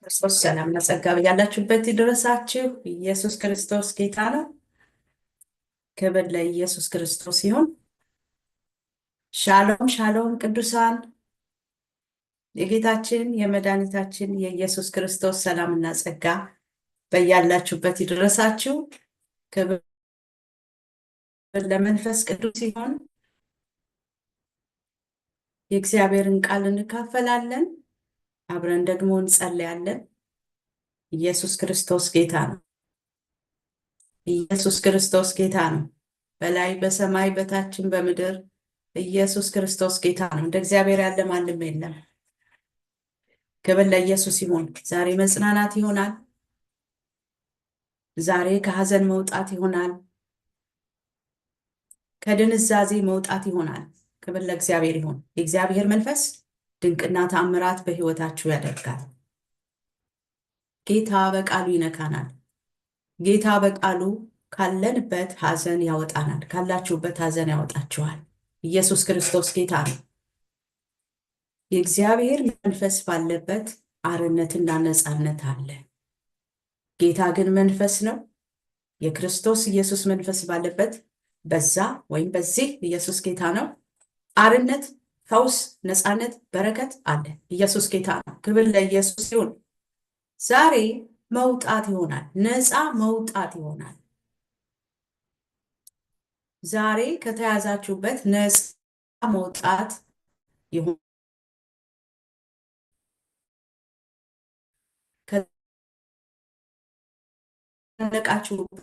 ክርስቶስ ሰላምና ጸጋ ያላችሁበት ድረሳችሁ ኢየሱስ ክርስቶስ ጌታ ነው። ክብር ለኢየሱስ ክርስቶስ ሲሆን፣ ሻሎም ሻሎም ቅዱሳን የጌታችን የመድኃኒታችን የኢየሱስ ክርስቶስ ሰላምና ጸጋ በያላችሁበት ይድረሳችሁ። ክብር ለመንፈስ ቅዱስ ሲሆን የእግዚአብሔርን ቃል እንካፈላለን፣ አብረን ደግሞ እንጸለያለን። ኢየሱስ ክርስቶስ ጌታ ነው። ኢየሱስ ክርስቶስ ጌታ ነው። በላይ በሰማይ በታችን በምድር ኢየሱስ ክርስቶስ ጌታ ነው። እንደ እግዚአብሔር ያለ ማንም የለም። ክብር ለኢየሱስ ይሆን። ዛሬ መጽናናት ይሆናል። ዛሬ ከሀዘን መውጣት ይሆናል። ከድንዛዜ መውጣት ይሆናል። ክብር ለእግዚአብሔር ይሁን። የእግዚአብሔር መንፈስ ድንቅና ተአምራት በህይወታችሁ ያደርጋል። ጌታ በቃሉ ይነካናል። ጌታ በቃሉ ካለንበት ሐዘን ያወጣናል። ካላችሁበት ሐዘን ያወጣችኋል። ኢየሱስ ክርስቶስ ጌታ ነው። የእግዚአብሔር መንፈስ ባለበት አርነትና ነፃነት አለ። ጌታ ግን መንፈስ ነው። የክርስቶስ ኢየሱስ መንፈስ ባለበት በዛ ወይም በዚህ ኢየሱስ ጌታ ነው። አርነት፣ ፈውስ፣ ነፃነት፣ በረከት አለ። ኢየሱስ ጌታ ነው። ክብር ለኢየሱስ ይሁን። ዛሬ መውጣት ይሆናል። ነፃ መውጣት ይሆናል። ዛሬ ከተያዛችሁበት ነፃ መውጣት ይሆናል። ነቃችሁበት